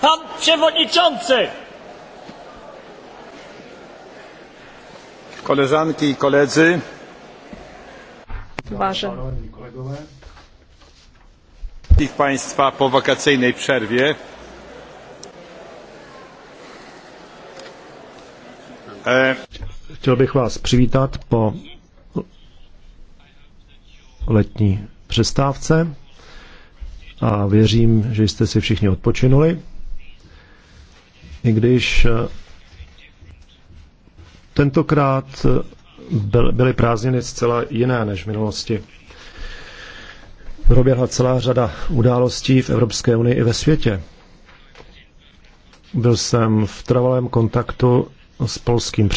Pan przewodniczący! Koleżanki i koledzy. Wszystkich Państwa po wakacyjnej przerwie. E... Chtěl bych vás přivítat po letní přestávce a věřím, že jste si všichni odpočinuli i když eh, tentokrát eh, byly prázdniny zcela jiné než v minulosti. Proběhla celá řada událostí v Evropské unii i ve světě. Byl jsem v trvalém kontaktu s polským